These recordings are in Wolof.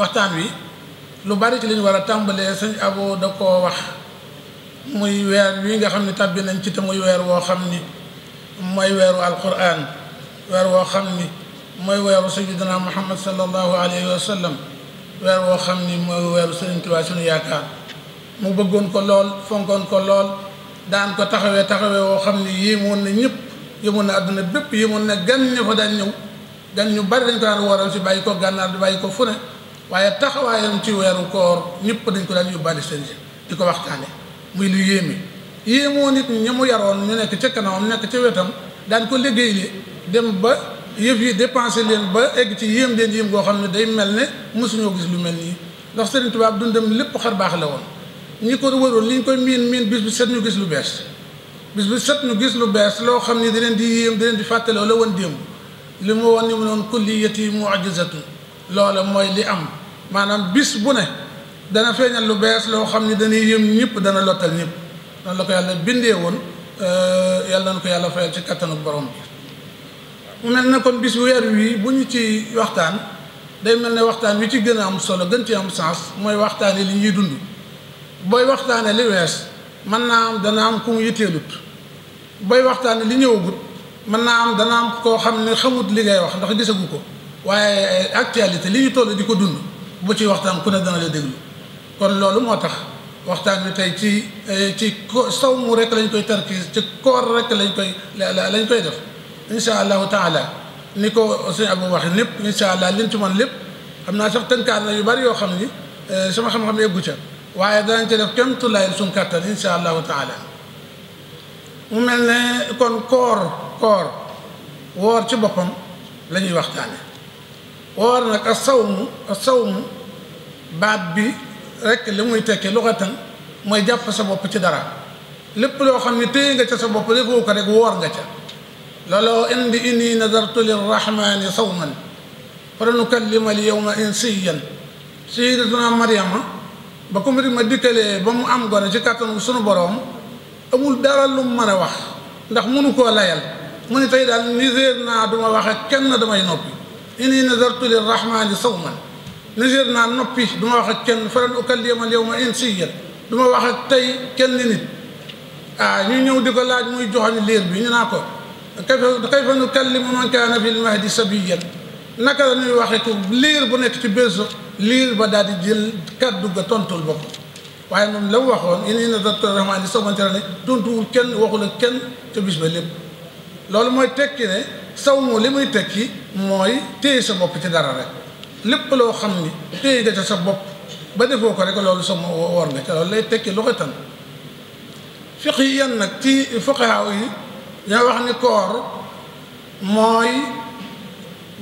waxtaan wi lu bari ci li war a tàmbalee sëñ Abo da koo wax muy weer wi nga xam ne tàbbi nañ ci te muy weer woo xam ni mooy weeru alquran weer woo xam ni mooy weeru sayyidina muhammad sallallahu alayhi wa sallam weer woo xam ni mooy weeru Sëriñ Tuubaa mu bëggoon ko lool fonkoon ko lool daan ko taxawee taxawee woo xam ni yéemoon na ñëpp yéemoon na àdduna bépp yéemoon na gan ña fa daan ñëw gan ñu bari dañ ko daan waral si bàyyi ko gànnaar di bàyyi ko fu ne waaye taxawaayam ci weeru koor ñëpp dañ ko daan yóbbaale seen ji di ko waxtaane muy lu yéeme yéemoo nit ñi mu yaroon ñu nekk ca kanamam nekk ca wetam daan ko liggéey dem ba yëf yi dépensé leen ba egg ci yéem leen yéem goo xam ne day mel ne mosuñoo gis lu mel nii ndax Sëriñ Tuubaa dundam lépp xar baax la woon ñi ko waroon li ñu koy miin miin bis bu set ñu gis lu bees bis bu set ñu gis lu bees loo xam ne daleen di yéem dinañ di fàttaloo la woon démb li mu woon ni mu noon kulliyati mu'jizatun loola mooy li am maanaam bis bu ne dana feeñal lu bees loo xam ni dañuy yëm ñëpp dana lottal ñëpp noonu la ko yàlla bindee woon euh, yàlla na ko yàlla fayal ci kattanu borom bi mu mel ne kon bis weer wii bu ñu ci waxtaan day mel ne waxtaan wi ci gën a am solo gën ci am sens mooy waxtaane li ñuy dund booy waxtaane li wees man naa am dana am ku mu yitteelut booy waxtaane li ñëwagut mën naa am dana am koo xam ne xamut li ngay wax ndax gisagu ko waaye actualité li ñu toll di ko dund bu ci waxtaan ku ne dana la déglu kon loolu moo tax waxtaan bi tey ci eh, ci saw mu rek lañ koy tarkiis ci koor rek lañ koy lañ koy def incha allahu taala ni ko sëñ Abou waxee lépp incha allah liñ ci mën lépp xam naa sax tënkaat na yu bari yoo xam ni eh, sama xam-xam yeggu ca waaye danañ ci def kéem tolluwaayal suñu kàttan incha allahu taala mu mel ne kon koor koor woor ci boppam la ñuy waxtaane woor nag a sawmu a sawmu baat bi rek li muy tekki luxatan mooy jàpp sa bopp ci dara lépp loo xam ne téye nga ca sa bopp defoo ko rek woor nga ca looloo indi na inni nazartu lirrahmani sawman fa nukallima al yawma insiyan sayyidatuna Maryama ba ko ma dikkalee ba mu am gone ci kàttanu sunu boroom amul dara lu mu mën a wax ndax mënu koo layal mu ne tey daal niséer naa duma wax ak kenn damay noppi inni nazartu lirrahmani sawman nazir naa noppi du ma wax ak kenn falan ukallima al yawma insiyan du ma wax ak tey kenn nit ah ñu ñëw di ko laaj muy joxoñ liir bi ñu naa ko kayfa kayfa nukallimu man kaana fil mahdi sabiyan naka la ñuy waxee ko liir bu nekk ci berceau liir ba daal di jël kaddu ga tontul bopp waaye moom la mu waxoon inni nazartu lirrahmani sawman tere ne tontuwul kenn waxul ak kenn te bis ba lépp loolu mooy tekki ne saw sawmu li muy tekki mooy téye sa bopp ci dara rek lépp loo xam ni téye nga ca sa bopp ba defoo ko rek loolu sama woor nga ca loolu lay tekki lu ko tan fiq yi yan nag ci fuqahaa yi ñoo wax ni koor mooy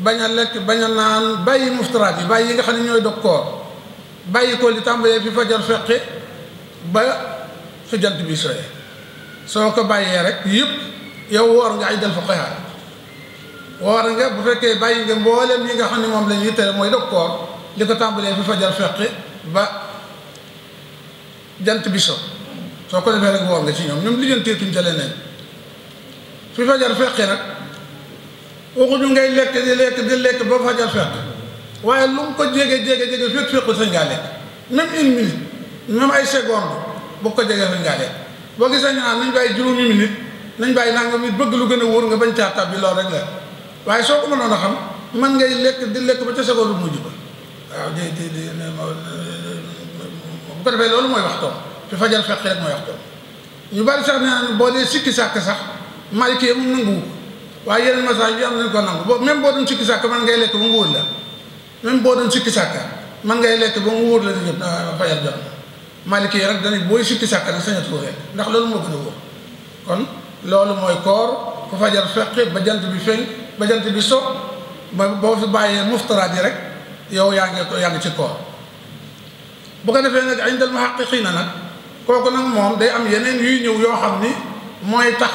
bañ a bañ a naan bàyyi muftaraat yi bàyyi yi nga xam ne ñooy dog koor bàyyi ko li tàmbalee fi fajar feqe ba fi jant bi soye soo ko bàyyee rek yépp yow woor nga ay dal fuqaha woor nga bu fekkee bàyyi nga mboolem yi nga xam ne moom la ñuy tere mooy dog koor li ko tàmbalee bi fajar feqi ba jant bi so soo ko defee rek woor nga ci ñoom ñoom lijjanteetuñ ca leneen fi fajar feqi nag waxuñu ngay lekk di lekk lekk ba fajar feq waaye lu ko jege jege jege fekk fekkul sañ ngaa lekk même une minute même ay seconde bu ko jegee sañ ngaa lekk boo gisee ñu naan nañ bàyyi juróomi minute nañ bàyyi nangam it bëgg lu gën a wóor nga bañ caa tab bi loolu rek la waaye soo ko mënoon a xam man ngay lekk di lekk ba ca seconde bu mujj ba waaw di di di bu ko defee loolu mooy waxtoom fi fajal fekk rek mooy waxtoom na boo dee sikki sàkk sax maliki moom nanguwu waaye yeneen message yi am nañ ko nangu boo même boo doon sikki sàkk man ngay lekk ba mu wóor la même boo doon sikki sàkk man ngay lekk ba mu wóor la di ah, fajal jot na rek dana booy sikki sàkk nag sañatu ko fekk ndax loolu moo gën a wóor loolu mooy koor ku fajar feqe ba jant bi feeñ ba jant bi so ba boo fi bàyyee muftaraat yi rek yow yaa ngi ko yaa ci koor bu ko defee nag indal muhaqiqiina nag kooku nag moom day am yeneen yuy ñëw yoo xam ni mooy tax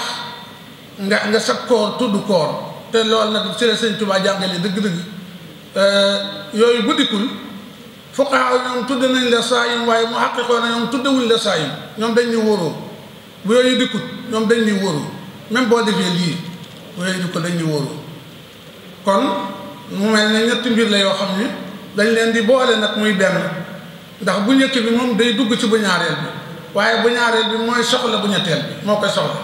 nga nga sa koor tudd koor te loolu nag ci la sëñ Tuubaa jàngale dëgg-dëgg euh, yooyu guddikul fuqahaa ñoom tudd nañ la saayim waaye mu muhaqiqoona ñoom tuddewuñ saa saayim ñoom dañ ñu wóoroo bu yooyu dikkut ñoom dañ ñuy wóolu même boo defee lii bu yooyu dikkut dañ ñuy kon mu mel ne ñetti mbir la yoo xam ni dañ leen di boole nag muy benn ndax bu njëkk bi moom day dugg ci bu ñaareel bi waaye bu ñaareel bi soxla bu ñetteel moo koy soxla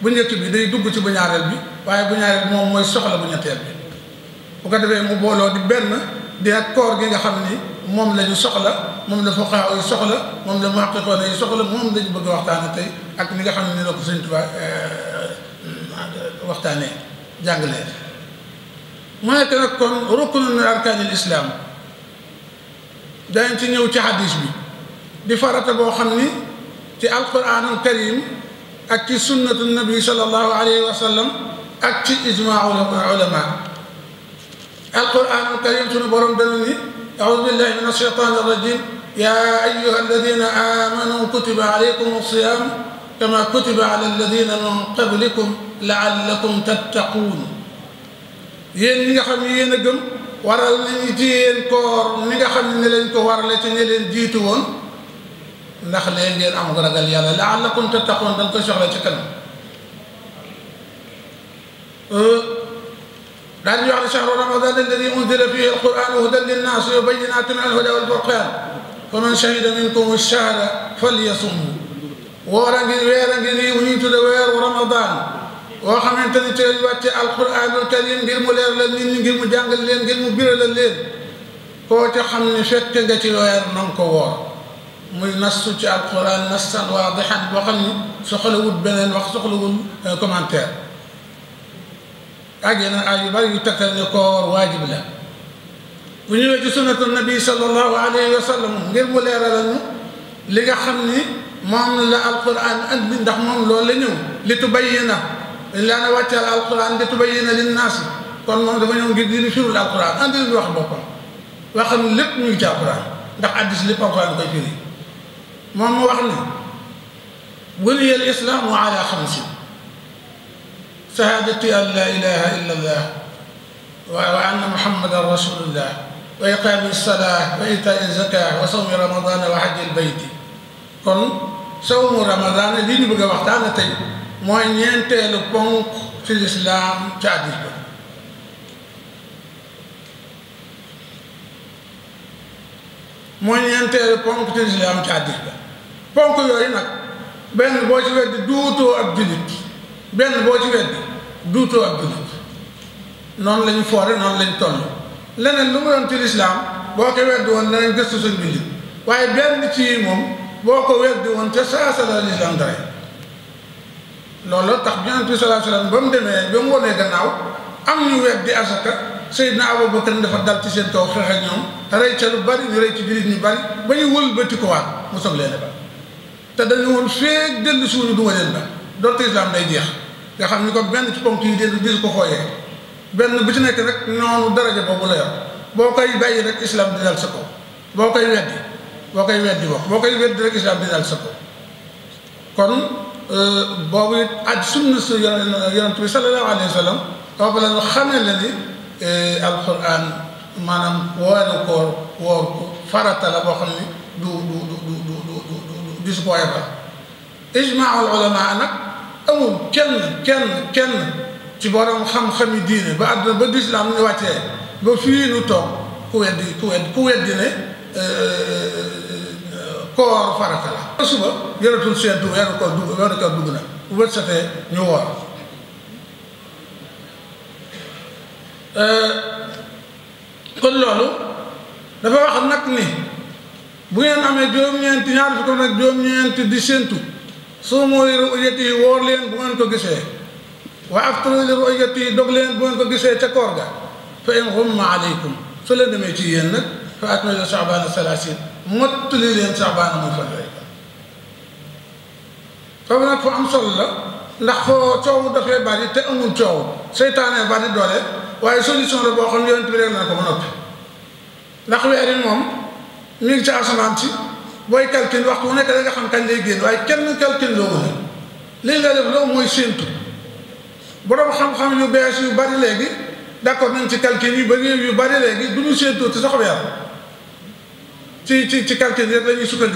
bu njëkk bi day dugg ci bu ñaareel bi waaye bu ñaareel bi moom mooy soxla bu ñetteel bi bu ko defee mu booloo di benn di ak koor gi nga xam ni moom la ñu soxla moom la foqaa yi soxla moom la muhaqiqoon yi soxla moom la ñu bëgg a waxtaane tey ak ni nga xam ne ni la ko Sëñ Tuubaa eh, waxtaane jàngalee mu nekk nag kon ruknu min arkaanil islaam dañ ci ñëw ci xadis bi di farata boo xam ni ci alquraanul ak ci sunnatu nabi sallallahu alayhi wa sallam ak ci ijmaa ulama alquraanul karim suñu أعوذ بالله من الشيطان الرجيم يا أيها الذين آمنوا كتب عليكم الصيام كما كتب على الذين من قبلكم لعلكم تتقون yéen ñi nga xam ne yéen a gëm waral nañu ci yéen koor ni nga xam ne lañ ko warale ci ñi leen jiitu woon ndax leen ngeen am ragal yàlla la'allakum tattaqun dañ ko soxla ci kanam euh, daal di wax ne shahru ramadan alladi unzila fihi alquran hudan linnaas wa bayinatin min alhuda walfurqan fa man shahida minkum alshahra falyasumhu woor a ngi weer a ngi nii wu ñuy tudde weeru ramadan woo xamante ni teel wàcce alquranul karim ngir mu leer la nit ñi ngir mu jàngal leen ngir mu biralal leen koo ca xam ne fekk nga ci weer na nga ko woor muy nastu ci alquran nassan waadixan boo xam ne soxlawul beneen wax soxlawul euh, commentaire ak yeneen aay yu bari yu tegtal ne koor waajib la bu ñëwee ci sunnatu nabi sallallahu alayhi wa sallam ngir mu leeralal ñu li nga xam ni moom la alquran andi ndax moom loolu la ñëw li tubayyina laa na wàcceel alquran li tubayyina linnaas kon moom dafa ñëw ngir di firul alquran andi lu wax boppam waxam lépp ñu ngi ci alquran ndax addis lépp alquran koy firi moom mu wax ni buniyal islaamu ala xamsin shahaadati an laa ilaaha illallah wa anna muhammadan rasulullah wa iqaami salaah wa itaai zakaa wa sawmi ramadaan wa hajjil bayti kon sawmu ramadaan lii ñu bëgg a waxtaan tey mooy ñeenteelu ponk ci lislaam ci hadiis ba mooy ñeenteelu ponk ci lislaam ci hadiis ba ponk yooyu nag benn boo ci weddi duutoo ak jullit benn boo ci weddi duutoo ak jullit noonu la ñu foore noonu la ñu leneen lu ma doon ci lislaam boo ko weddi woon danañ gëstu sa jullit waaye benn ci moom boo ko weddi woon te saa sa la lislaam dara loolu tax Yonent bi sallallahu alayhi wa sallam ba mu demee ba mu wonee gannaaw am ñu weddi asaka Seydina Abubakar dafa dal ci seen kaw xeex ñoom rey ca lu bari ñu rey ci jullit ñu bari ba ñu wëlbati ko waat mu soog leen ba te dañu woon feeg dellu suñu duma leen ba dootu islaam nga xam ni ko benn ci ponk yi déedéet bisu ko xooyee benn bu ci nekk rek noonu daraja boobu la yor boo koy bàyyi rek islam di dal sa ko boo koy weddi boo koy weddi wax boo koy weddi rek islam di dal sa kaw kon boobu it aj sunna su yonent bi sallallahu alayhi wa la ñu xamee la ni alquran maanaam wooru koor woor ko xam ni amul kenn kenn kenn ci borom xam-xami diine ba àdduna ba lislaam ñu wàccee ba fii nu toog ku weddi ku weddi ku weddi ne euh, koor farata la suba yoratul seentu weeru koor dugg dugg na bu bët satee ñu woor euh, kon loolu dafa wax nag ni bu ngeen amee juróom-ñeenti ñaar fukk nag juróom-ñeenti di séentu suumu li ru'yati wóor leen bu ngeen ko gisee wa aftaru li ru'yati dog leen bu ngeen ko gisee ca koor ga fa in xumma aleykum su leen demee ci yéen nag fa atmilu sha'baana salaasin mottali leen sha'baana muy fanweer foofu nag fu am solo la ndax foo coow dafay bari te amul coow seytaane bari doole waaye solution la boo xam yonent bi rek na ko ba noppi ndax weer moom mi ngi ci asamaan si booy calcul waxtu wu nekk da nga xam kañ lay génn waaye kenn calcul loo mën li nga def loolu mooy séentu borom xam-xam yu bees yu bari léegi d'accord nañ ci calcul yu bari yu bari léegi du ñu séentu ci sax yàlla ci ci ci calcul rek la ñuy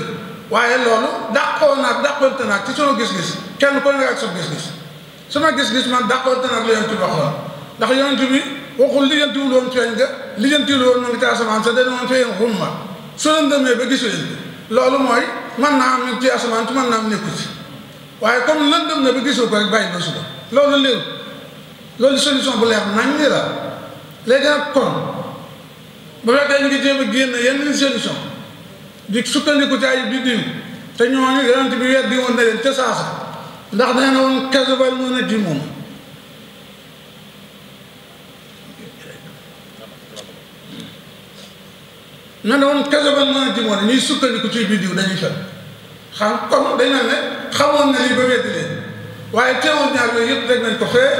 waaye loolu dàqoo naag dàqoonte naag ci sunu gis-gis kenn ku ne ak sunu gis-gis sunu gis-gis man dàqoonte naag la yonent bi waxoon ndax yonent bi waxul lijjantiwul woon feeñ nga lijjantiwul woon mu ngi ci asamaan sa dana woon feeñ xumma su leen gis loolu mooy mën naa am ci asamaan ci mën naa am nekku ci waaye comme lëndëm na bi gisul ko rek bàyyi ba suba loolu léegi loolu solution bu leer nañ li la léegi nag kon bu fekkee ñu ngi jéem a génn yenn solution di sukkandiku ci ay biddiw te ñooñu yonent bi weddi woon na leen ca saasa ndax nee ne woon kasabal mën a ji moom ñu ne woon kese ba mën a jëmoon ñuy sukkandiku ci bidiw dañuy fen xam comme dañ naan ne xamoon na lii ba weddi leen waaye teewoon ñaar yooyu yëpp teg nañ ko fee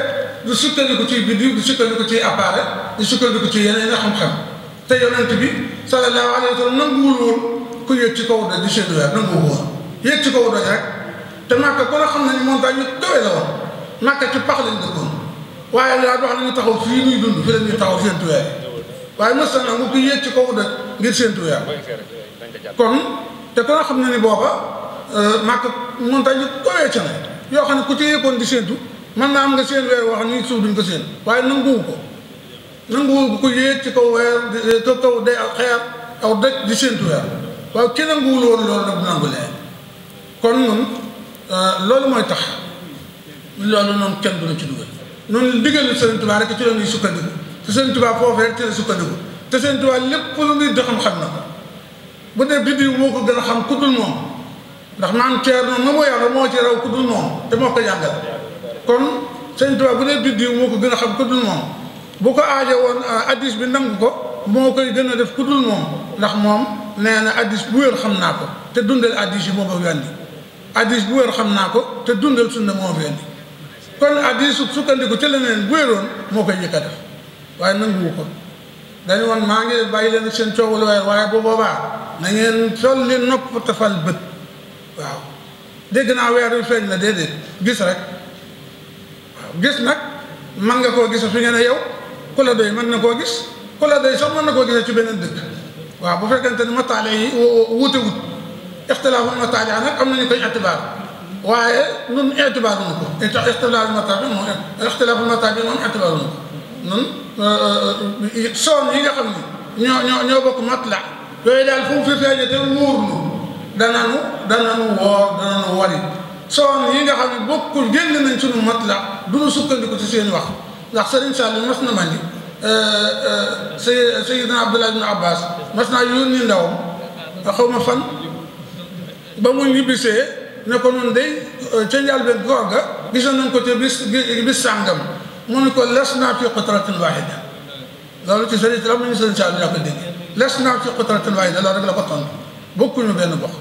du sukkandiku ci bidiw du sukkandiku ci appareil du ci yeneen xam-xam te yonent bi sallallahu alayhi wa sallam nanguwul woon ku yëg ci kaw doj di seddu weer nanguwul woon yëg ci kaw doj rek te Makka ko xam na ni montagne yu kawe la woon Makka ci pax lañ dëkkoon waaye daal boo xam ñu taxaw fii ñuy dund fi la taxaw séntu waaye mës na nangu kuy yéeg ci kaw doj ngir séentu yaa kon te ko xam ne ni booba euh, màkk montagne yu kowee ca ne xam ne ku ci yéegoon di séentu mën naa am nga seen weer wax ni suuf duñ ko seen waaye nanguwu ko nanguwu yéeg ci kaw weer ko kaw de ak xeer aw doj di séentu weer waaye ki nanguwul woon loolu nag nangu leen kon nun euh, loolu mooy tax loolu noonu kenn du la ci dugg noonu ndigalu Sëriñ Tuubaa rek ci la ñuy sukkandiku te sëñ Tuubaa foofu rek ci la sukkandiku te sëñ Tuubaa lépp lu muy doxam xam na bu dee biddiw moo ko gën a xam ku ndax maam Thierno ma mu yàlla moo ci raw ku dul ko jàngal kon sëñ bu dee biddiw moo ko gën a xam ku dul moom bu ko aajo woon euh, addis bi nangu ko moo koy gën a def ku moom ndax moom nee na addis bu wér xam naa ko te dundal addis yi moo ko yàndi addis bu wér xam naa ko te dundal sunna moo fi yàndi kon addis su sukkandiku ca leneen bu wéroon moo koy njëkk a waaye nanguwu ko dañu woon maa ngi bàyyi leen seen coowul weer waaye bu boobaa na ngeen sol li nopp tafal bët waaw dégg naa weer wi feeñ na déedéet gis rek waaw gis nag man nga koo gis fi ngeen ne yow ku la doy mën na koo gis ku la doy sax mën na koo gisee ci beneen dëkk waaw bu fekkente ni mataale yi wuute wut ixtilaafu mataale nag am nañu koy itibaar waaye nun itibaaruñu ko ixtilaafu mataale moom ixtilaafu mataale moom itibaaruñu ko nun euh, euh, euh, soon yi nga xam ni ñoo ñoo ñoo bokk matla yooyu daal fu mu fi feeñe te wóor nu dananu dananu woor dananu wari soon yi nga xam ne bokkul génn nañ sunu matla du ñu sukkandiku ci seen wax ndax sëriñ Sall mas na ma ni Sayyidina Abdullah ibn Abbas mas naa yónni ndawam xaw ma fan ba mu ñibbisee ne ko nun day ca njàlbeen goor ga gisoon nañ ko ca bis bis sàngam mu ne ko les naa fi xutratin waahida loolu ci sëriñ la mu ñu sëriñ Saal bi daa ko dégg les naa fi xutratin waahida loolu rek la ko tontu bokkuñu benn box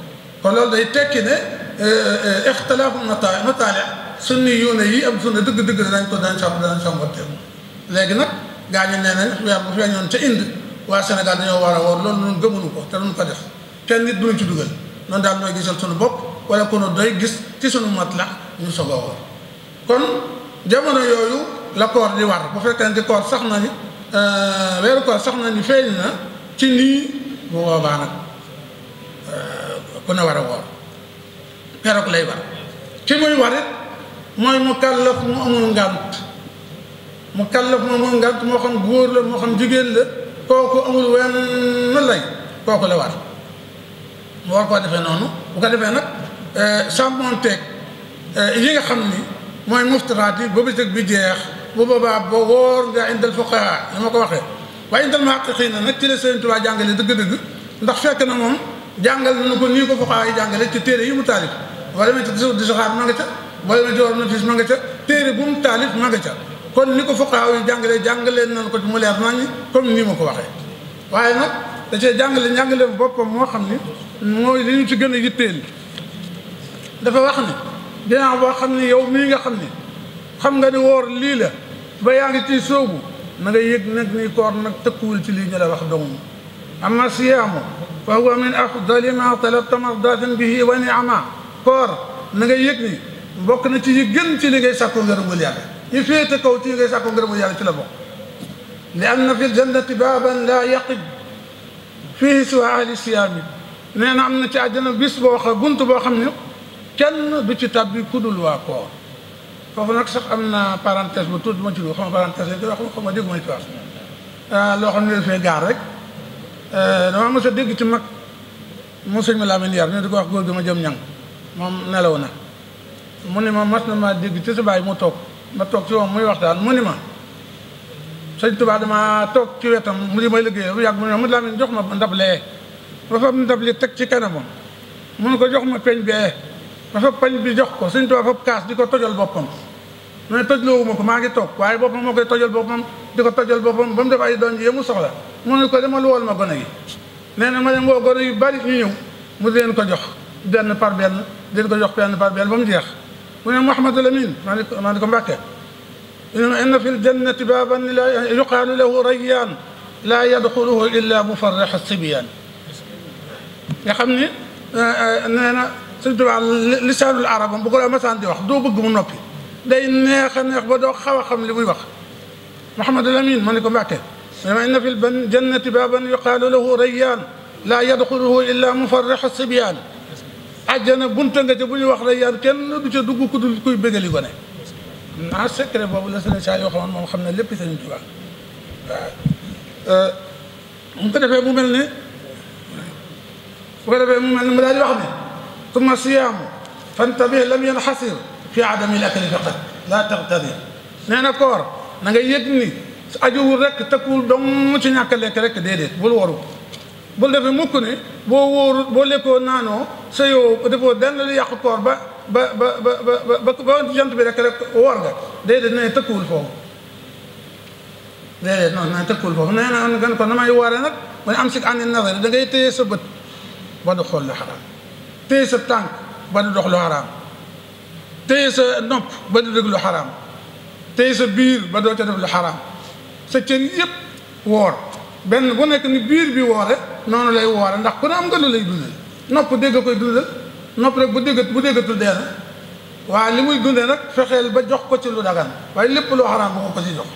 kon loolu day tekki ne eh, eh, ixtilaafu mataali mataali sunni yuune yi am sunna dëgg-dëgg danañ ko danañ sàmm danañ sàmmanteeku léegi nag gaa ñi nee nañ weer bu feeñoon ca Inde waa Sénégal dañoo war a woor loolu noonu gëmuñu ko te duñ ko def kenn nit ci dugal noonu daal mooy gisal suñu bopp wala kono doy gis ci suñu mat la ñu soog a woor kon jamono yooyu la koor di war bu fekkente koor sax na ni euh, weeru koor sax na ni feeñ na ci nii bu boobaa nag euh, ku ne war a woor keroog lay war ci muy warit mooy mu kàllaf mu amul ngànt mu kàllaf mu amul ngànt moo xam góor la moo xam jigéen la kooku amul wenn lay kooku la war mu war koo defee noonu bu ko defee nag euh, sàmmoon teeg yi nga xam ni mooy muftaraat yi ba bëccëg bi jeex bu boobaa ba wóor nga indal fuqaha ni ma ko waxee waaye indal muhaqqiqiina nag ci la Sëriñ Tuubaa jàngale dëgg-dëgg ndax fekk na moom jàngal nañu ko nii ko fuqaha yi jàngale ci téere yi mu taalif boo demee ci di saxaar ma nga ca boo demee ci na fis nga ca téere bu mu taalif ma nga kon ni ko fuqaha yi jàngale jàngaleen nañu ko ci mu leer nañu comme nii ma ko waxee waaye nag da cee jàngale jàngale boppam moo xam ni mooy li ci gën a yitteel dafa wax ne boo xam ne yow mii nga xam ne xam nga ni woor lii la ba yaa ngi ciy sóobu na nga yëg nag ni koor nag tëkkuwul ci lii ñu la wax dong amma siyaamu fa huwa min afdali ma talabta mardaatin bihi wa niama koor na nga yëg ni bokk na ci yi gën ci li ngay sàkku ngërëmul yàlla yi féete kaw ci li ngay sàkku ngërëmul yàlla ci la bokk li anna fi ljannati baaban laa yaqib fihi siwa ahli siyaami nee na am na ci àjjana bis boo xam bunt boo xam ne kenn du ci tàbbi kudul waa koor foofu nag sax am na parenthèse bu tuuti ma ci dugg xam nga parenthèse lañ koy wax xam ah, loo xam ne dafay gaar rek eh, dama mos a dégg ci mag mu sëñ ma Lamine Yar ñu di ko wax góor gi ma jëm ñang moom nelaw na mu ni ma mas na ma dégg ci sa baay mu toog ma toog ci moom muy waxtaan mu ni ma sëñ Tuubaa dama toog ci wetam mu di may liggéey bu yàgg mu ne ma mu Lamine jox ma ndab lee ba fab ndab li teg ci kanamam mu ne ko jox ma peñ bee ba fab peñ bi jox ko sëñ Tuubaa fab kaas di ko tojal boppam ma ne toj loowuma ko maa ngi toog waaye boppam moo koy tojal boppam di ko tojal boppam ba mu def ay doon ji mu soxla mu ne ko demal wool ma gone gi nee na ma dem woo gone yu bari ñu ñëw mu di leen ko jox benn par benn di leen ko jox benn par benn ba mu jeex mu ne Mouhamadou Lamine maa ne ko maa ne ko Mbàkke inna fi ljannati baaban la yuqaalu lahu rayyaan laa yadxuluhu illa mufarrax sibiyaan nga xam ni eh, eh, nee na Sëñ Tuubaa lisaanul arabam bu ko la masaan di wax doo bëgg mu noppi day neex a neex ba doo xaw a xam li muy wax Mouhamadou Lamine ma ne ko Mbàkke mu ne ma inna fi ban jannati baaban yuqaalu lahu rayyaan laa yadxuluhu illaa mufarrixu sibyaan àjjana bunta nga ca bu ñu wax rayyaan kenn du ca dugg ku dul kuy bégali gone naa ah, secret boobu la sëriñ Saaliw waxoon moom xam ne lépp Sëriñ Tuubaa waaw mu ko defee mu mel ne bu ko defee mu mel ne mu daal di wax ne summa siyaamu fantabih lam yanxasir fi aadamil akali faqat laa taqtadi nee na koor na nga yëg ni su ajuwul rek takkuwul dong ci ñàkk a lekk rek déedéet bul waru bul defee mukk ne boo wóoru boo lekkoo naanoo sa yow defoo benn lu yàq koor ba ba ba ba ba ba jant bi rek rek woor nga déedéet nee tëkkuwul foofu déedéet non nee tëkkuwul foofu nee na gan ko na may wooree nag mu ne am si àndi nazar da ngay téye sa bët ba du xool lu xaraam téye sa tànk ba du dox lu xaraam téye sa nopp ba du dégg lu xaraam téye sa biir ba doo ca def lu xaraam sa cër yëpp woor benn bu nekk ni biir bi woore noonu lay woore ndax ku ne am nga lu lay dundal nopp dégg koy dundal nopp rek bu dégg bu déggatul dee na waaye li muy dundee nag fexeel ba jox ko ci lu dagan waaye lépp loo xaraam bu ko ko ci jox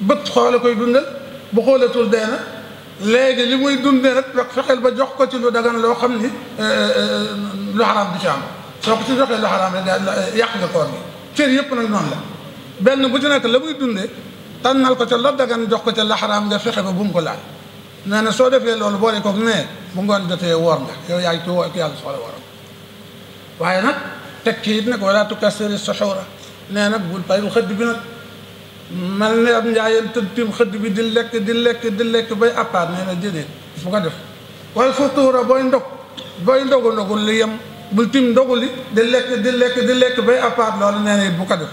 bët xoole koy dundal bu xoolatul dee na léegi li muy dundee rek fexeel ba jox ko ci lu dagan loo xam ni eh, eh, eh, lu xaraam du ci am soo ko ci joxee lu xaraam rek daal yàq nga koor bi cër yëpp nag noonu la benn bu ci nekk la muy dundee tànnal ko ca la dagan jox ko ca la xaraam nga fexe ba bu mu ko laal nee na soo defee loolu boole koog nee bu ngoon jotee woor nga yow yaa ngi ci woor yàlla soxla wooram waaye nag teg ci it nag wala tukassiri suxuura nee nag bul bàyyi xëdd bi nag mel ne ab njaayeen tëddim xëdd bi di lekk di lekk di lekk bay appaat nee na déedéet bu ko def wala futuura booy ndog booy ndogu ndogul li bul tim ndogu li di lekk di lekk lekk bay à part loolu nee na bu ko def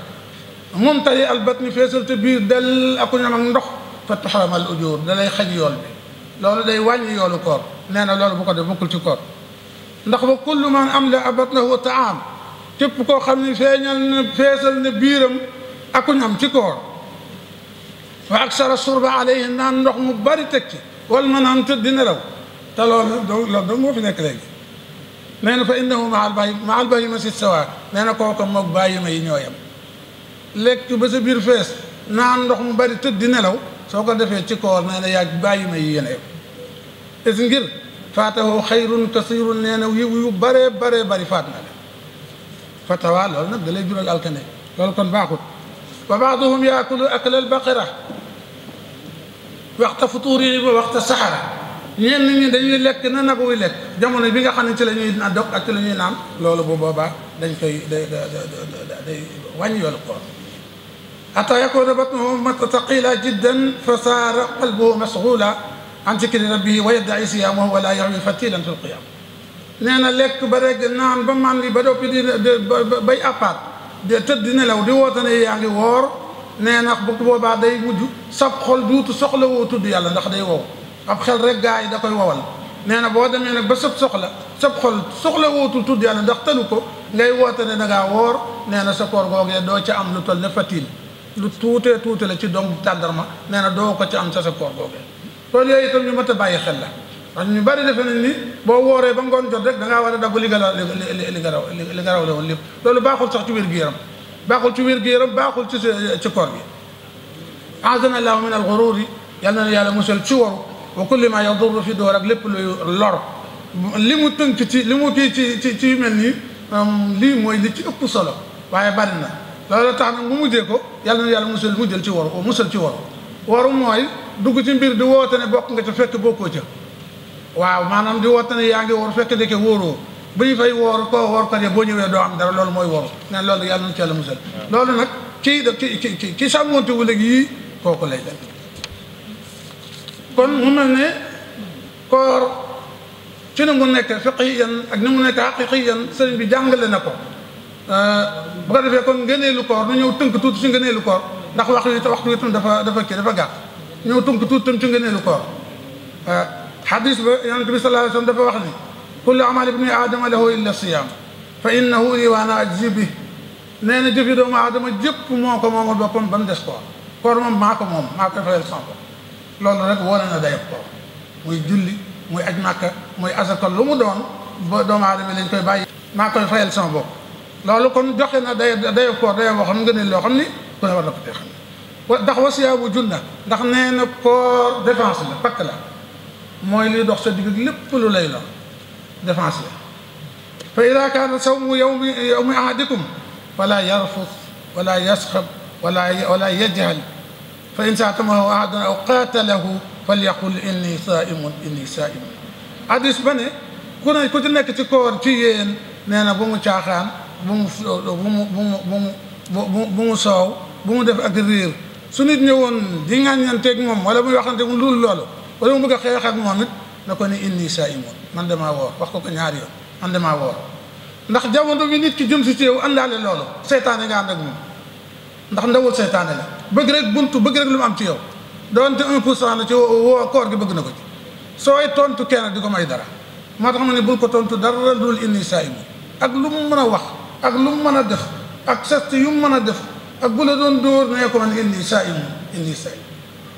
moom tali albatni feesal te biir del aku ñam ak ndox fa taxaramal ujur da lay xaj yool bi loolu day wàññi yoolu kor nee na loolu bu ko def bokkul ci koor ndax wa kullu man am la abatnahu taam képp koo xam ne feeñal na feesal ne biiram aku ñam ci koor wa aksara surba alayhi naan ndox mu bari teg ci wal manaam tëdd di nelaw te loolu loolu dong moo fi nekk léegi nee na fa innahu maal bay maal bay ma si sawaa nee na kooku moog bàyyi ma yi ñoo yem lekk ba sa biir fees naan ndox mu bari tëdd di nelaw soo ko defee ci koor nee na yàgg bàyyi ma yi yéen a yem es ngir faatahu xayrun kasirun nee na yiw yu baree baree bari faat na la fatawa loolu nag da lay jural alkane loolu kon baaxut wa baaduhum yaakulu akla albaqira waxta futuurihi wa waxta saxara ñenn ñi dañuy lekk na nag wuy lekk jamono bi nga xam ne ci la ñuy na dog ak ci la ñuy naan loolu bu boobaa dañ koy day day wàññi yoolu koor xataa yakuuna batnuhu mataqila jiddan fa saara qalbuhu mashgula an zikri rabbihi wa yaddaci siyaamahu wala yaxwi fatilan fi lqiyam nee na lekk ba rek naan ba man li ba doppi di bay apart de tëdd di nelaw di woote ne yaa ngi woor nee na bu boobaa day mujj sab xol duutu soxla woo tudd yàlla ndax day wow ab xel rek gaa yi da koy wowal nee na boo demee nag ba sab soxla sab xol soxla wootul tudd yàlla ndax tanu ko ngay woote ne da ngaa woor nee na sa koor googee doo ca am lu toll ne fatil lu tuutee tuute la ci dong tàndarma nee na doo ko ci am sa sa koor googee kon tam ñu mat a bàyyi xel la ndax ñu bari defe nañ ni boo wooree ba ngoon jot rek da ngaa war a li nga la li nga raw le woon lépp loolu baaxul sa ci wér gu yaram baaxul ci wér gu yaram baaxul ci ci koor gi azana allahu min al gururi yàlla na yàlla musal ci waru wa kulli ma yadurru fi dóor ak lépp luy lor li mu tënk ci li mu kii ci ci ci mel nii lii mooy li ci ëpp solo waaye bari na loolu tax nag mu mujjee ko yàlla na yàlla musal mu jël ci waru musal ci waru waru mooy dugg ci mbir di woote ne bokk nga ca fekk bokkoo ca waaw maanaam di woote yaa ngi woor fekk ndeke wóoroo bu ñu fay woor koo woor ko de boo ñëwee doo am dara loolu mooy waru ne loolu yàlla na ci yàlla musal loolu nag ci ci ci ci sàmmonte wu léegi yii kooku lay def kon mu mel ne koor ci ni mu nekkee fiqiyan ak ni mu nekkee haqiqiyan sëriñ bi jàngale na ko euh, bu ko defee kon ngëneelu koor nu ñëw tënk tuuti ci ngëneelu koor ndax wax wi waxtu wi tam dafa dafa kii dafa gàtt ñëw tënk tuuti tam ci ngëneelu koor euh, xadis ba yonente bi sallallahu alayhi wasallam dafa wax ni kullu amali ibni aadama lahu illa siyam fa innahu li waana ajzi bi nee na jëf yi doomu aadama jëpp moo ko moomal boppam ba mu des koor koor moom maa ko moom maa koy fayal sama loolu rek wane na dayoo ko muy julli muy aj màkka muy lu mu doon ba doomu aadama lañ koy bàyyi. maa koy fayal sama bopp loolu kon joxe na day dayoo koor dayoo boo xam nga ne loo xam ni ku ne war na ko tee xam ne ndax wasiyaa bu junna ndax nee na koor défense la pakk la mooy liy dox sa digg lépp lu lay la défense la fa ida kaana sawmu yawmi yawmi ahadikum fala yarfus wala yasxab wala yajhal fa in saatamahu ahadan aw qaatalahu falyaqul inni saaimun inni saaimun hadis ba ku ci nekk ci koor ci yéen nee na bu mu caaxaan bu mu soow bu mu def ak su nit ñëwoon di ŋàññanteeg moom wala muy waxante mu luul loolu wala mu bëgg a xeex ak moom na ko ni inni saaimun man damaa woor wax ko ko ñaari yoon man damaa woor ndax jamono bi nit ki jëm si ci yow àndaale loolu seytaane nga ànd ak moom ndax ndawul seytaane la bëgg rek buntu bëgg rek lu am ci yow doonte un pour cent la woo koor gi bëgg na ko ci sooy tontu kenn di ko may dara moo tax ma ne bul ko tontu dara dul inni saayim ak lu mu mën a wax ak lu mu mën a def ak sest yu mu mën a def ak bu la doon dóor nee ko man inni saayim inni saayim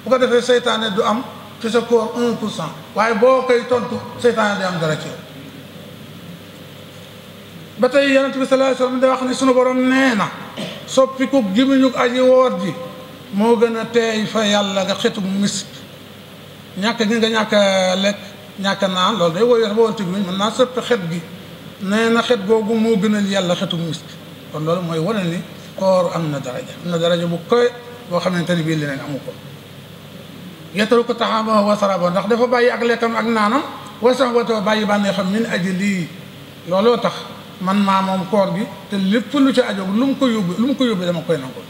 bu ko defee seytaane du am ci sa koor un pour waaye boo koy tontu seytaane day am dara ci yow ba tey yonent bi sallallahu alayhi wa wax ni sunu borom nee na soppiku gémmiñu aji woor ji moo gën a teey fa yàlla nga xetuk misk ñàkk gi nga ñàkk a lekk ñàkk naan loolu day woy dafa wanti mën naa sëpp xet gi nee na xet googu moo gënal yàlla xetuk misk kon loolu mooy wane ni koor am na daraja am na daraja bu koy boo xamante ni bii leneen amu ko yettalu ko wa saraba ndax dafa bàyyi ak lekkam ak naanam wa sax watoo bàyyi bànnee xam min aj lii looloo tax man maa moom koor gi te lépp lu ci ajoog lu mu ko yóbbu lu mu ko yóbbu dama koy nangu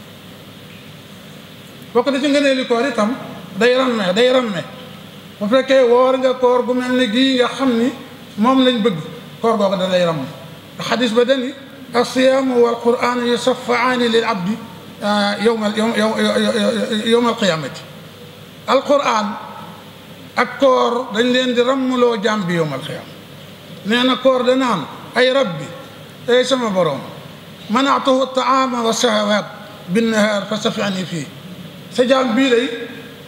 bokk na ci ngëneeli koor itam day ràmme day ràmme bu fekkee woor nga koor gu mel ni gii nga xam ni moom lañ bëgg koor googu da day ràmm te xadis ba dani asiyaamu wal quraan yusaffaani lil abdi ah, yowma yowma alqiyamati alquran ak koor dañ leen di ràmmloo jàmm bi yowmal xiyam nee na koor danaan ay rabbi ay sama boroom manaatuhu taama wa sahawaat binnahaar fa safiani fii sa jaam bii day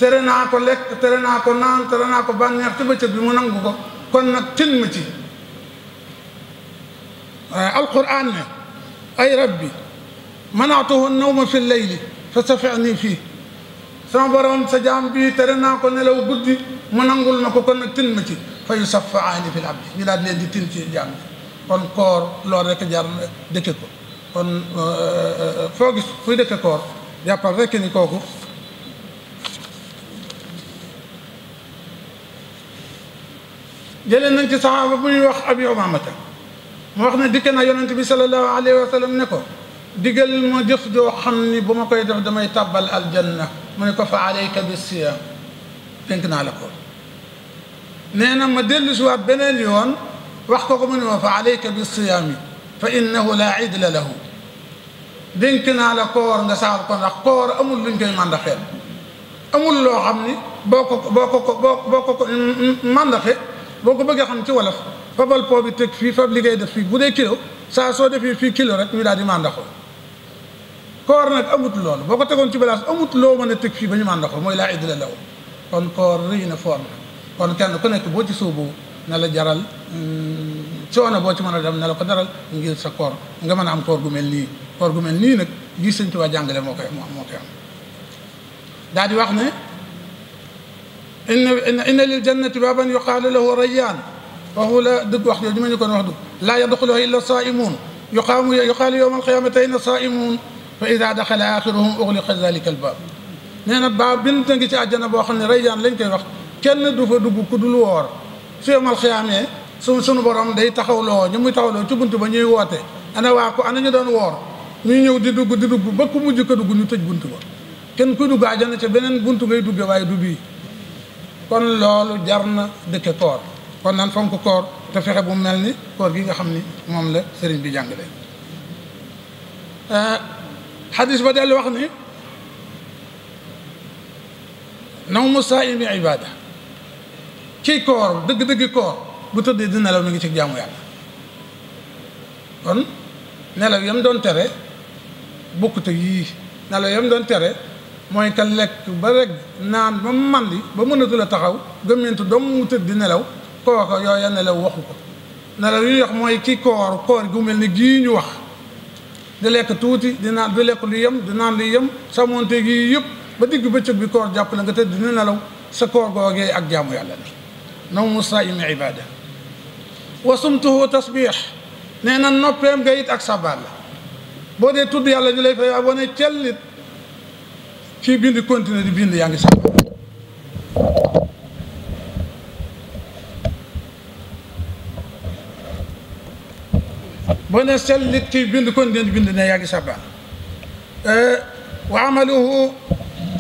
tere naa ko lekk tere naa ko naan tere naa ko bànneex ci bëccëg bi mu nangu ko kon nag tin ma ci waaye alquran ne ay rabbi manaatuhu nawma fi leyli fa safirnii fii sama borom sa jaam bii tere naa ko nelaw guddi mu nangul ma ko kon nag tin ma ci fa yu saffa aani fi l abdi ñu daal leen di tin ci jaam kon koor loolu rek jar dëkke ko kon euh, euh, euh, foo gis fuy dëkke koor jàppal rekk ni kooku jëlee nañ ci saxaaba bu ñuy wax abi umamata mu wax ne dikke bi salallahu alayhi wa sallam ne ko digal ma jëf joo xam ni bu ma koy def damay tàbbal aljanna mu ne ko fa alayka bi siyaam dénk naa la ko nee na ma dellu siwaat beneen wax ko ko mu ne fa alayka bi siyaami fa innahu laa dénk naa la koor nga saal ko koor amul luñ koy loo xam ni boko ko boo ko bëggee xam ci wolof fabal po bi teg fii fab liggéey def fii bu dee kilo saa soo defee fii kilo rek ñu daal di màndaxoo koor nag amut loolu boo ko tegoon ci balaas amut loo mën a teg fii ba ñu màndaxoo mooy laa idda la law kon koor rëy na foor na kon kenn ku nekk boo ci sóobu na la jaral mm, coono boo ci mën a dem na la ko daral ngir sa koor nga mën a am koor gu mel nii koor gu mel nii nag lii sëñ Tuubaa jàngale moo koy moo koy am daal wax ne inna inna lil jannati baaban yuqaalu lahu rayyaan waxu la dëgg wax jooju ma ñu ko wax dëgg laa yadxuluha illa saaimuun yuqaamu yuqaalu yowma alqiyaamati ayna saaimuun fa ida daxala axiruhum uxliqa dalika albaab nee na baab benn ngi ci àjjana boo xam ne rayyaan lañ koy wax kenn du fa dugg ku dul woor su yowmal xiyaamee su sunu borom day taxawloo ñu muy taxawloo ci bunt ba ñuy woote ana waa ko ana ñu doon woor ñuy ñëw di dugg di dugg ba ku mujj ko dugg ñu tëj bunt ba kenn kuy dugg àjjana ca beneen bunt ngay dugge waaye du bii kon loolu jar na dëkke koor kon nan fonk koor te fexe bu mel ni koor gi nga xam ni moom la sëriñ bi jàngale euh, xadis ba dellu wax ni nawmu saa'imi ibaada ci koor dëgg-dëgg koor bu tëddee di nelaw mi ngi ci jaamu yàlla kon nelaw yam doon tere bokkute yii nelaw yam doon tere mooy ka lekk ba rek naan ba di ba mënatul a taxaw gëmmentu doomu mu tëdd di nelaw kooka yooya nelaw waxu ko nelaw yu wax mooy ki koor koor gu mel ni gii ñu wax di lekk tuuti di naan di lekk lu yem di naan lu yem samonte gi yëpp ba digg bëccëg bi koor jàpp na nga tëdd di nelaw sa koor googee ak jaamu yàlla la nawmu saa'imi ibaada wa sumtuhu tasbiix nee na noppeem nga it ak sabaat la boo dee tudd yàlla ñu lay fay waaye boo ci bind continuer di bind yaa ngi sax boo ne sell nit kii bind continuer di bind ne yaa ngi sabbaan eh, wa amaluhu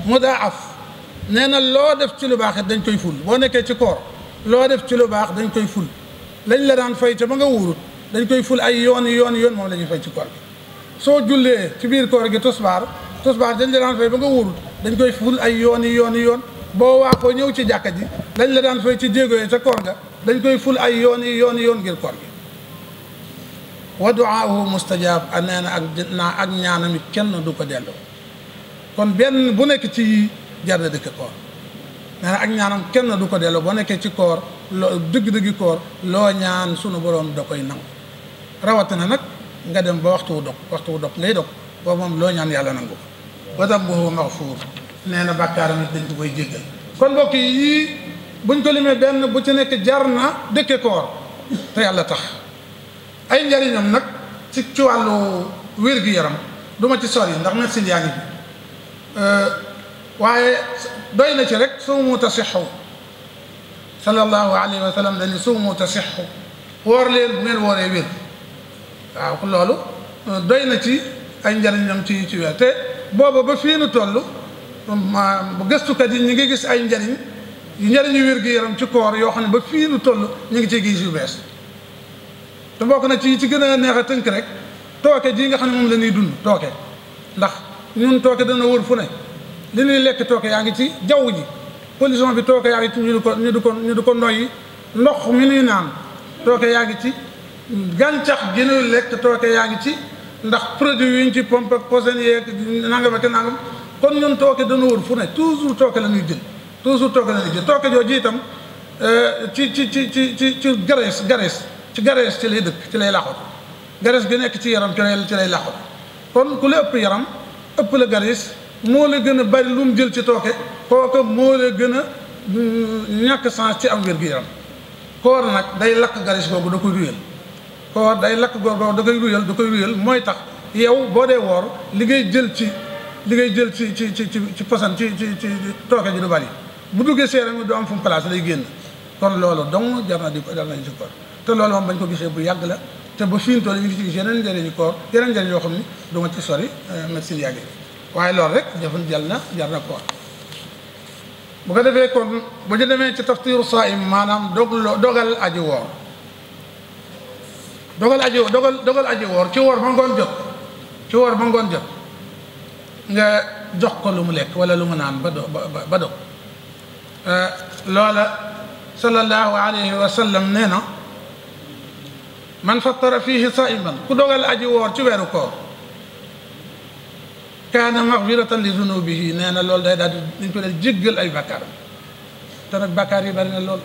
mudaaf nee na loo def ci lu baax dañ koy ful boo nekkee ci koor loo def ci lu baax dañ koy ful lañ la daan fay te ba nga wuurut dañ koy ful ay yoon yoon yoon moom lañuy fey ci koor gi soo jullee ci biir koor gi tosbaar tosbaar dañ la daan fay ba nga wóorul dañ koy ful ay yoon yi yoon yi yoon boo waa ko ñëw ci jàkka ji dañ la daan fay ci jéego yi ca koor nga dañ koy ful ay yoon yi yoon yi yoon ngir koor gi wa duaahu mustajab a na ak naa ak ñaanami kenn du ko delloo kon benn bu nekk ci jar na koor nee na ak ñaanam kenn du ko delloo boo nekkee ci koor loo dëgg-dëggi loo ñaan sunu boroom da koy nangu rawatina nag nga dem ba waxtu wu dog waxtu wu dog lay dog boobu moom loo ñaan yàlla nangu ko wa dambuhu maxfuur nee na bàkkaaram it dañ ko koy jéggal kon mbokk yi buñ ko limee benn bu ci nekk jar na dëkke koor te yàlla tax ay njariñam nag ci ci wàllu wér-gi-yaram du ma ci sori ndax médecine yaa ngi euh, waaye doy na ci rek suumu tasixu sallallahu alayhi wa sallam dañu suumu tasixu woor leen bu ngeen wooree wér waaw loolu euh, doy na ci ay njariñam ci ci weer booba ba fii nu ma gëstukat yi ñu ngi gis ay njariñ yu njariñu wér-gu-yaram ci koor yoo xam ne ba fii nu toll ñu ngi ciy gis te bokk na ci ci gën a neex a tënk rek tooke jii nga xam ne moom la ñuy dund tooke ndax ñun tooke dana wër fu ne li ñuy lekk tooke yaa ngi ci jaww ji pollution bi tooke yaa ngi ci ñu du ko ñu du ko ñu du ko noyyi ndox mi nuy naan tooke yaa ngi ci gàncax gi nuy lekk tooke yaa ngi ci ndax produit yu ñu ci pompe ak posen yeeg kon ñun tooke dana wër fu ne toujours tooke la ñuy jël toujours tooke la ñuy jël tooke jooju itam euh, ci ci ci ci ci ci garees garees ci garees ci lay dëkk ci lay laxoot garees gi nekk ci yaram ci lay ci lay kon ku la ëpp yaram ëpp la garees moo la gën a bari lu jël ci tooke kooka moo la gën a mm, ñàkk sens ci am wér-gu-yaram koor nag day lakk garees googu da koy ruyal koo day lakk googoo da koy ruyal da koy ruyal mooy tax yow boo dee woor li jël ci li ngay jël ci ci ci ci posan ci ci ci tooke ji du bari bu duggee seere mi du am fu mu place day génn kon loolu dong jar na di jar na koor te loolu moom bañ ko gisee bu yàgg la te ba fiin tool yi ñu ngi ci gis yeneen njëriñu koor yeneen njëriñ yoo xam ni du ma ci sori euh, médecine yàgg waaye loolu rek jëfan jal na jar na koor bu ko defee kon bu ñu demee ci taftiru saim maanaam loo dogal aji woor dogal aji dogal dogal aji woor ci woor ba ngoon jot ci woor ba ngoon jot nga jox ko lu mu lekk wala lu mu naan bado do euh, loola sallallahu alayhi wa sallam nee na man fattara fiihi saiman ku dogal aji woor ci weeru koor kaana maxfiratan li zunubihi nee na loolu day daal di dañ ko ay bàkkaar te nag bàkkaar yi bari na lool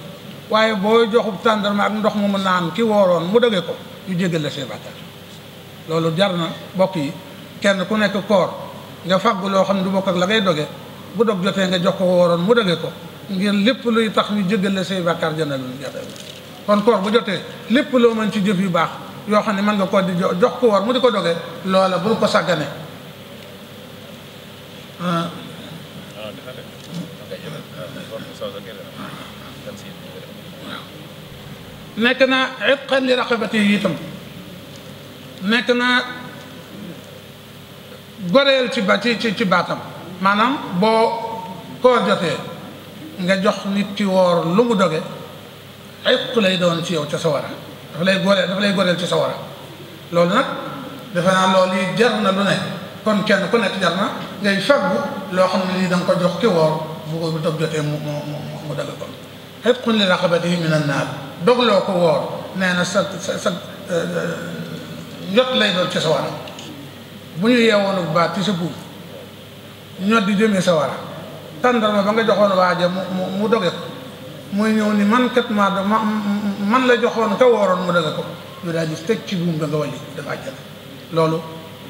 waaye boo joxub tàndarma ak ndox mu mu naan ki wooroon mu dëgge ko ñu jéggal la say bàkkaar loolu jar na bokk yi kenn ku nekk koor nga fàggu loo xam ne du bokk ak la ngay doge bu dog jotee nga jox ko wooroon mu doge ko ngir lépp luy tax mu jéggal la say bàkkaar jënd lu jafe kon koor bu jotee lépp loo mën ci jëf yu baax yoo xam ne mën nga koo di jox ko woor mu di ko doge loola bul ko sàggane ah. nekk naa itqan li raqabati yi itam nekk naa goreel ci ba ci ci baatam maanaam boo koor jotee nga jox nit ci woor lu mu doge itq lay doon ci yow ca sawara dafa lay goreel dafa lay goreel ci sawara loolu nag defe naa loolu yi jar na lu ne kon kenn ku nekk jar na ngay faggu loo xam ne lii da nga ko jox ki woor bu ko bu dog jotee mu mu mu mu daga kon itqun li raqabati yi min an naar dogloo ko woor nee na sa sa sa jot eh, lay doon ci a bu ñu yeewoon baat ci sa buum ñot di jëmee sawara tàndarma ba nga joxoon waaja mu mu mu doge ko mooy ñëw ni man kat maa da ma man la joxoon ka wooroon mu doge ko ñu daal teg ci buum da nga wàññi def àjjana loolu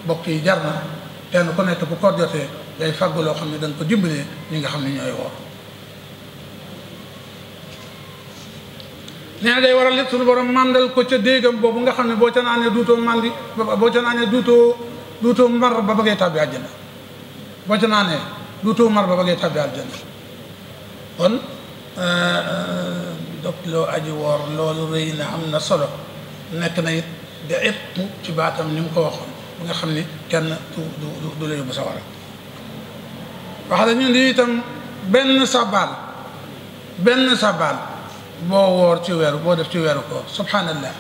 bokk yi jar na kenn ku nekk bu koor jotee day fàgg loo xam ne da nga ko dimbalee ñi nga xam ne ñooy woor nee na day waral it suñu borom màndal ko ca déegam boobu nga xam ne boo ca naanee duutoo màndi boo ca naanee duutoo duutoo ba bëggee tàbbi àjjana boo ca naanee duutoo mar ba bëggee tàbbi àjjana kon euh, euh, dog loo aji woor loolu rëy na am na solo nekk na it ci baatam ni mu ko waxoon bi nga xam ni kenn du du du la yóbbu sa war wax la ñun di itam benn sabaal benn sabaal boo woor ci weeru boo def ci weeru koor subhanallah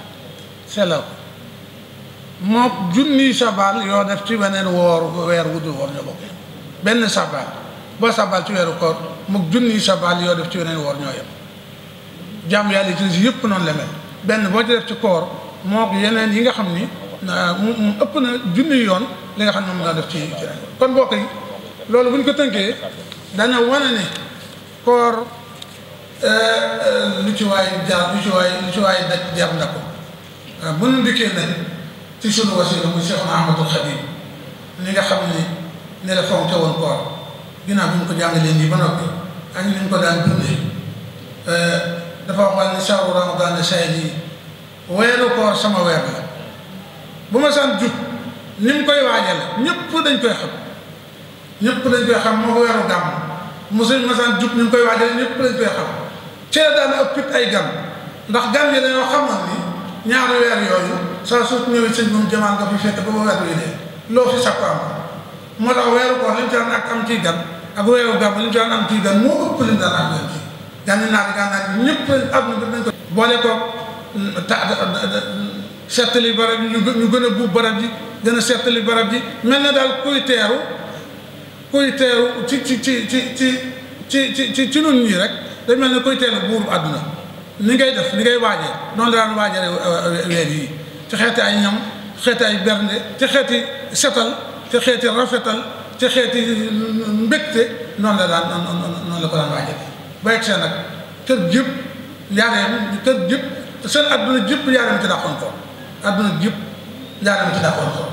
sellal ko moo junni sabal yoo def ci weneen woor weer wudul ñoo bokk benn sabal boo sabal ci weeru koor mook junni sabal yoo def ci weneen woor ñoo yem jàmm yàlla ci yëpp noonu la benn boo ci def ci koor mook yeneen yi nga xam ni ah, mu ëpp na junni yoon li nga xam ne moom laa def ci kon loolu bu ko tënkee dana wane ne koor Euh, euh, lu ci waay jaar lu ci waay lu ci waay daj jaar na ko euh, bu ñu dikkee nañ ci sunu wasila muy Cheikh Ahmadou Khadim li nga xam ne ne la fonk woon koor ginnaaw bi ñu ko jàngalee nii ba noppi ak ni ñu ko daan dafa waxoon ne shahru ramadan shahri weeru koor sama bu ma sant jub ni mu koy waajal ñëpp dañ koy xam ñëpp dañ koy xam moo ko weeru gàmm mu suñ ma sant jub ni mu koy waajal ñëpp dañ koy xam ci la daan ëpp ay gan ndax gan yi dañoo xamoon ni ñaari weer yooyu saa su ñëwee sëñ moom jëmaal nga fi fekk ba ba weer wi loo fi sakku am moo tax weeru koor li ci daan ak am ciy gan ak weeru gàmm li ci am ciy gan moo ëpp li ñu daan am ci gan yi naata gan naa ñëpp am na dañ ko boole ko ta seetali barab yi ñu gën a buub barab yi gën a barab yi mel na daal kuy teeru kuy teeru ci ci ci ci ci ci ci ci nun ñi rek day mel ne koy teel a buur àdduna ni ngay def ni ngay waajee noonu daan waajee euh, euh, weer yi ci xeeti ay ñam xeeti ay bernde ci xeeti setal ci xeeti rafetal ci xeeti euh, mbégte noonu la daan noonu la ko daan waajee ba egg seen nag kër jëpp yaareem kër jëpp seen àdduna jëpp yaareem ci dàqoon ko àdduna jëpp yaareem ci dàqoon ko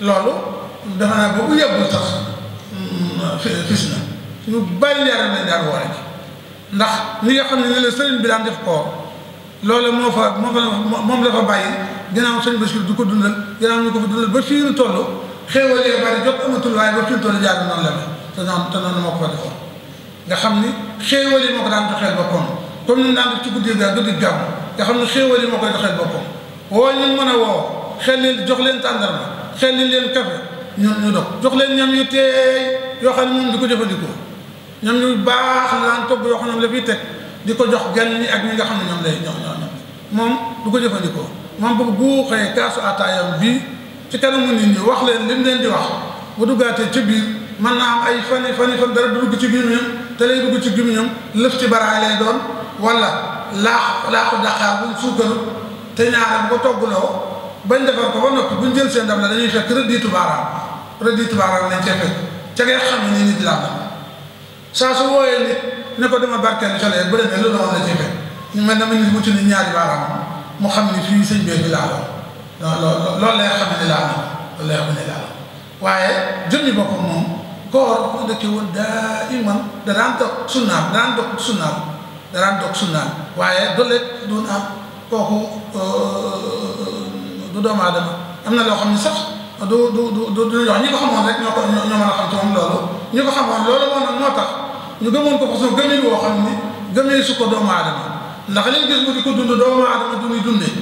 loolu dafa naa boobu yàggul sax mm, mm, fis na lu bari yaram lañ daan a ci ndax li nga xam ne ni la sëriñ bi daan def koor loolu moo fa moo fa moom la fa bàyyi ginnaaw sëriñ Bachir du ko dundal ginnaaw ñu ko fa dundal ba fii ñu toll xéewal yee bari jot amatul waaye ba fii ñu te noonu te noonu moo ko fa defoon nga xam ni xéewal yi moo ko daan doxeel boppam comme ni mu daan ci guddi gaa guddi gàmm nga xam ne xéewal yi moo koy doxeel boppam woo ñu mën a woo xel leen jox leen tàndarma xel leen café ñu ñu dog jox leen ñam yu teey yoo xam ne moom di ko jëfandikoo ñoom ñu baax laan togg yoo xam ne la fiy teg di ko jox gan ñi ak ñi nga xam ne ñoom lay ñoom ñoom moom du ko jëfandikoo moom bu guuxee kaasu ataayam bii ci kanamu nit ñi wax leen lim leen di wax bu duggaatee ci biir mën naa am ay fani fani fan dara du dugg ci gémmiñam te lay dugg ci gémmiñam lëf ci baraay lay doon wala laax laaxu daqaar buñ suukaru te ñaare bu ko toggloo bañ defar ko ba noppi buñ jël seen ndab la dañuy fekk rëddiitu baaraam rëddiitu baaraam lañ cee fekk ca xam ne saa su wooyee nit ne ko dama barkeel soleil bu demee loolu am na ci fekk ñu mel ne ma nit mucc ni ñaari baaraam mu xam ni fii sëñ bee bi laa doon loolu loolu lay xam ne laa loolu lay xam ne laa waaye junni boppam moom koor ku dëkk woon daa iman danaan dog sunnaam danaan dog sunnaam danaan dog sunnaam waaye doleeg duun am kooku euh, du doomu aadama am na loo xam ne sax du du du du ñi ko xamoon rek ñoo ko ñoo mën a xam ci loolu ñu ko xamoon loolu moo moo tax ñu gëmoon ko façon gëmin woo xam ni gëmee su ko doomu aadama ndax liñ gis mu di ko dund doomu aadama du muy dundee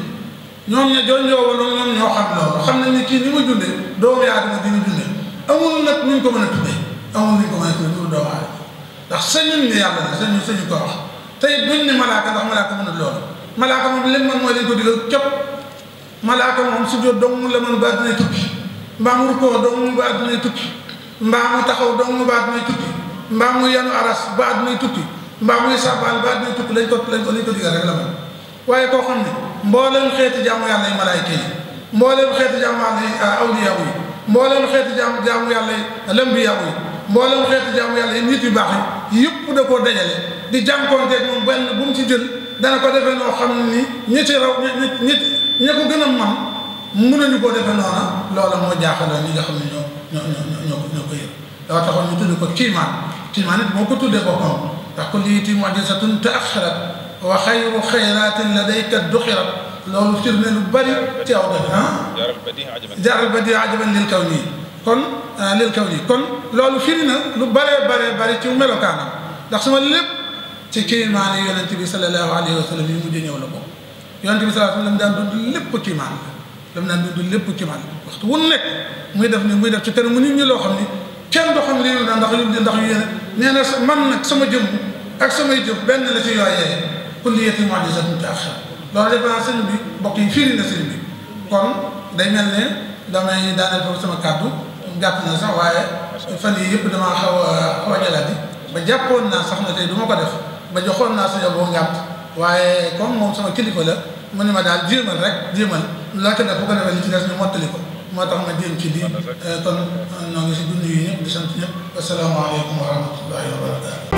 ñoom ña jooñ yoo wala ñoom ñoo xam loolu xam nañ ni kii ni muy dundee doomu aadama di muy dundee ko mën a tuddee amul nuñ ko mën a tuddee doomu aadama ndax sañun ni yàlla la sañu sañu ko wax tey duñ ni malaaka ndax malaaka mënul loolu malaaka moom mooy dañ ko digal képp malaaka moom su jot dong la mën ba addunay tukki mbaa mu rukkoo dong ba addunay tukki mbaa mu taxaw dong ba àddunay tukki mbaa muy yanu aras ba àddunay tukki mbaa muy sàbbaal ba àddunay tukki lañ ko lañ ko lañ ko digal rek la moom waaye koo xam ne mbooleem xeeti jaamu yàlla yi malaayka yi mbooleem xeeti jaamu yàlla yi ah, awliyaa yi mbooleem xeeti jaamu jaamu yàlla yi ah, lambiyaa yi mbooleem xeeti jaamu yàlla yi nit yu baax yi yëpp da koo dajale di jànkoonteeg moom benn bu mu ci jël dana ko defee noo xam ne ni ñu ci raw ñi ñi ña ko gën a man mënuñu koo defee noona loola moo jaaxaloon ñi nga xam dafa taxoon ñu tudd ko tiimaan tiimaan it moo ko tuddee boppam ndax ko lii ti mujizatun taaxarat wa xayru xayraatin ladayka duxirat loolu firnde lu bëri ci aw dëkk ah jaaral badi ajaban lil kaw nii kon ah, lil kaw nii kon loolu firi na lu bëree bëree bëri ci melokaanam ndax suma lépp ci kiimaan yi yonente bi salallahu alayhi wa sallam yi mujj ñëw la ko yonente bi salallahu alayhi wa sallam daan dund lépp kiimaan la mu daan dund lépp kiimaan waxtu wu nekk muy def ni muy def ci kër mu nit ñi loo xam ni kenn doo xam léegi na ndax yu ndax yu yéene nee na man nag sama jëm ak samay jëm benn la ci yooyee kun di yetti mu'jizat mutaaxir loolu defe naa sëñ bi mbokk yi firi na sëñ bi kon day mel sama kàddu gàtt na sax waaye fan yii yëpp dama xaw a xaw a jalaati ba jàppoon naa sax na tey du ma ko def ba joxoon naa sëñ boo ngàtt waaye comme moom sama kilifa la mu ne ma daal jéemal rek jéemal loo ko def bu ko defee li ci des ñu mottali ko moo tax ma jéem ci lii euh, kon ñoo ngi si dund yi ñëpp di sant ñëpp asalaamaaleykum wa rahmatullahi wa barakatu